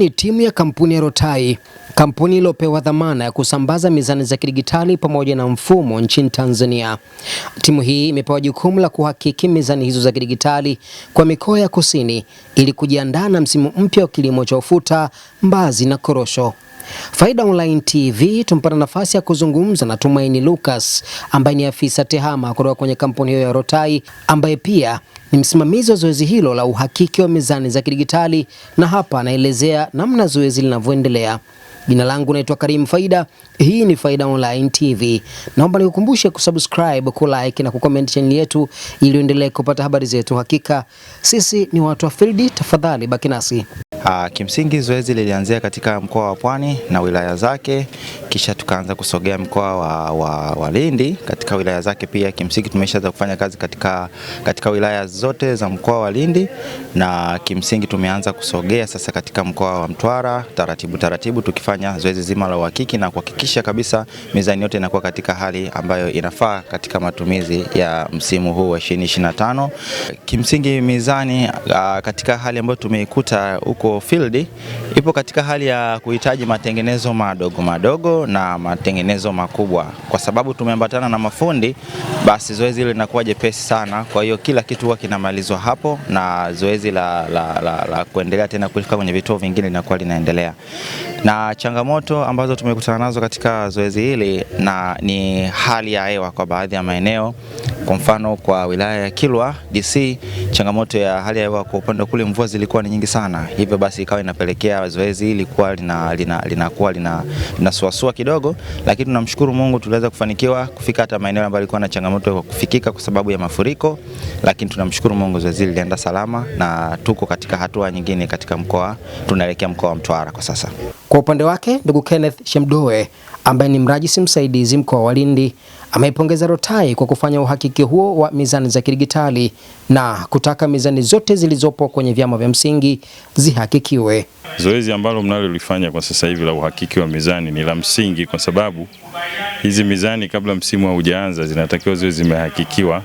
ni timu ya kampuni ya Rotai, kampuni iliyopewa dhamana ya kusambaza mizani za kidigitali pamoja na mfumo nchini Tanzania. Timu hii imepewa jukumu la kuhakiki mizani hizo za kidigitali kwa mikoa ya kusini ili kujiandaa na msimu mpya wa kilimo cha ufuta, mbazi na korosho. Faida Online TV tumpata nafasi ya kuzungumza na Tumaini Lucas ambaye ni afisa tehama kutoka kwenye kampuni hiyo ya Rotai ambaye pia ni msimamizi wa zoezi hilo la uhakiki wa mizani za kidigitali, na hapa anaelezea namna zoezi linavyoendelea. Jina langu naitwa Karim Faida. Hii ni Faida Online TV. Naomba nikukumbushe kusubscribe, like na kucomment channel yetu ili uendelee kupata habari zetu. Hakika sisi ni watu wa field. Tafadhali baki nasi. Ah, kimsingi zoezi lilianzia katika mkoa wa Pwani na wilaya zake, kisha tukaanza kusogea mkoa wa, wa, wa Lindi katika wilaya zake pia. Kimsingi tumeshaanza kufanya kazi katika, katika wilaya zote za mkoa wa Lindi na kimsingi tumeanza kusogea sasa katika mkoa wa Mtwara taratibu taratibu, tukifanya zoezi zima la uhakiki na kuhakikisha kabisa mizani yote inakuwa katika hali ambayo inafaa katika matumizi ya msimu huu wa 2025. Kimsingi mizani ah, katika hali ambayo tumeikuta huko field ipo katika hali ya kuhitaji matengenezo madogo madogo na matengenezo makubwa. Kwa sababu tumeambatana na mafundi, basi zoezi hilo linakuwa jepesi sana. Kwa hiyo kila kitu huwa kinamalizwa hapo na zoezi la, la, la, la, la kuendelea tena kufika kwenye vituo vingine linakuwa linaendelea. Na changamoto ambazo tumekutana nazo katika zoezi hili na ni hali ya hewa kwa baadhi ya maeneo, kwa mfano kwa wilaya ya Kilwa DC changamoto ya hali ya hewa kwa upande kule, mvua zilikuwa ni nyingi sana, hivyo basi ikawa inapelekea zoezi hili kuwa linakuwa lina, lina, lina, linasuasua kidogo, lakini tunamshukuru Mungu tuliweza kufanikiwa kufika hata maeneo ambayo yalikuwa na changamoto ya kufikika kwa sababu ya mafuriko, lakini tunamshukuru Mungu zoezi hili lilienda salama na tuko katika hatua nyingine katika mkoa, tunaelekea mkoa wa Mtwara kwa sasa. Kwa upande wake ndugu Kenneth Shemdoe ambaye ni mrajisi msaidizi mkoa wa Lindi ameipongeza Rotai kwa kufanya uhakiki huo wa mizani za kidigitali na kutaka mizani zote zilizopo kwenye vyama vya msingi zihakikiwe. Zoezi ambalo mnalolifanya kwa sasa hivi la uhakiki wa mizani ni la msingi, kwa sababu hizi mizani kabla msimu haujaanza zinatakiwa ziwe zimehakikiwa,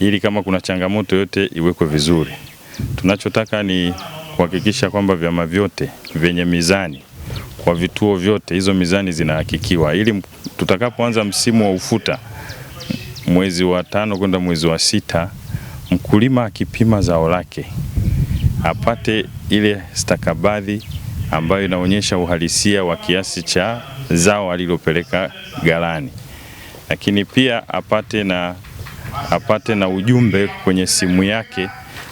ili kama kuna changamoto yote iwekwe vizuri. Tunachotaka ni kuhakikisha kwamba vyama vyote vyenye mizani kwa vituo vyote hizo mizani zinahakikiwa ili tutakapoanza msimu wa ufuta mwezi wa tano kwenda mwezi wa sita, mkulima akipima zao lake apate ile stakabadhi ambayo inaonyesha uhalisia wa kiasi cha zao alilopeleka ghalani, lakini pia apate na, apate na ujumbe kwenye simu yake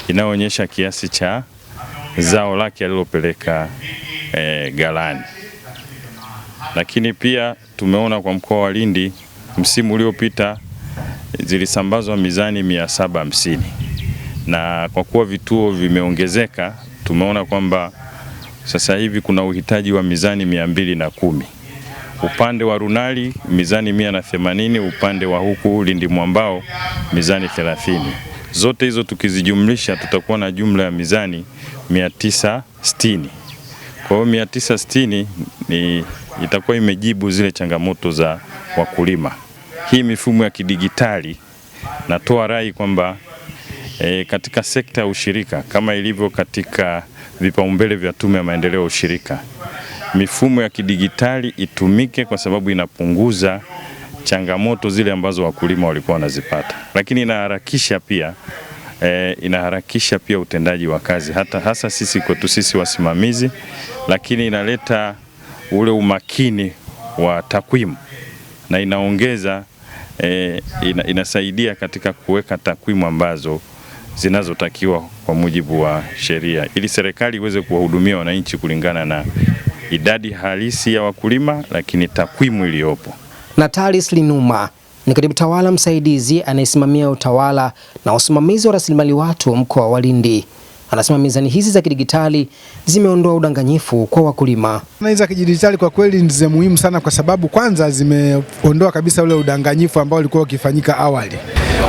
inayoonyesha kiasi cha zao lake alilopeleka e, ghalani, lakini pia tumeona kwa mkoa wa Lindi msimu uliopita zilisambazwa mizani mia saba hamsini na kwa kuwa vituo vimeongezeka, tumeona kwamba sasa hivi kuna uhitaji wa mizani mia mbili na kumi upande wa Runali mizani mia na themanini upande wa huku Lindi Mwambao mizani thelathini Zote hizo tukizijumlisha tutakuwa na jumla ya mizani mia tisa sitini Kwa hiyo mia tisa sitini ni itakuwa imejibu zile changamoto za wakulima. Hii mifumo ya kidigitali, natoa rai kwamba e, katika sekta ya ushirika kama ilivyo katika vipaumbele vya Tume ya Maendeleo ya Ushirika, mifumo ya kidigitali itumike kwa sababu inapunguza changamoto zile ambazo wakulima walikuwa wanazipata, lakini inaharakisha pia e, inaharakisha pia utendaji wa kazi hata hasa sisi kwetu sisi wasimamizi, lakini inaleta ule umakini wa takwimu na inaongeza e, ina, inasaidia katika kuweka takwimu ambazo zinazotakiwa kwa mujibu wa sheria ili serikali iweze kuwahudumia wananchi kulingana na idadi halisi ya wakulima, lakini takwimu iliyopo. Natalis Linuma ni katibu tawala msaidizi anayesimamia utawala na usimamizi wa rasilimali watu mkoa wa Lindi. Anasema mizani hizi za kidijitali zimeondoa udanganyifu kwa wakulima. Mizani za kidijitali kwa kweli ni za muhimu sana, kwa sababu kwanza zimeondoa kabisa ule udanganyifu ambao ulikuwa ukifanyika awali.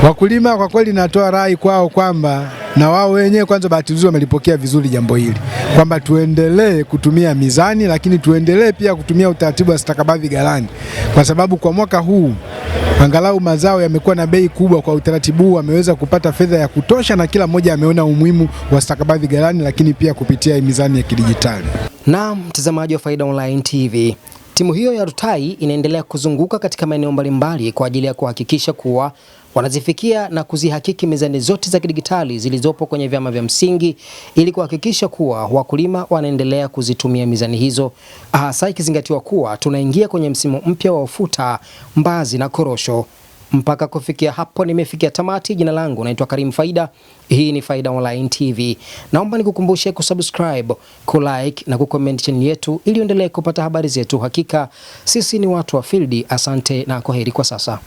Wakulima kwa kweli, natoa rai kwao kwamba na wao wenyewe kwanza, bahati nzuri wamelipokea vizuri jambo hili kwamba tuendelee kutumia mizani, lakini tuendelee pia kutumia utaratibu wa stakabadhi ghalani, kwa sababu kwa mwaka huu Angalau mazao yamekuwa na bei kubwa. Kwa utaratibu huu ameweza kupata fedha ya kutosha, na kila mmoja ameona umuhimu wa stakabadhi ghalani, lakini pia kupitia mizani ya kidijitali. Na mtazamaji wa Faida Online TV, timu hiyo ya Rutai inaendelea kuzunguka katika maeneo mbalimbali kwa ajili ya kuhakikisha kuwa wanazifikia na kuzihakiki mizani zote za kidigitali zilizopo kwenye vyama vya msingi ili kuhakikisha kuwa wakulima wanaendelea kuzitumia mizani hizo, hasa ikizingatiwa kuwa tunaingia kwenye msimu mpya wa ufuta, mbazi na korosho. Mpaka kufikia hapo nimefikia tamati. Jina langu naitwa Karim Faida, hii ni Faida Online TV. Naomba nikukumbushe kusubscribe, kulike na kucomment chini yetu ili uendelee kupata habari zetu. Hakika sisi ni watu wa field. Asante na kwaheri kwa sasa.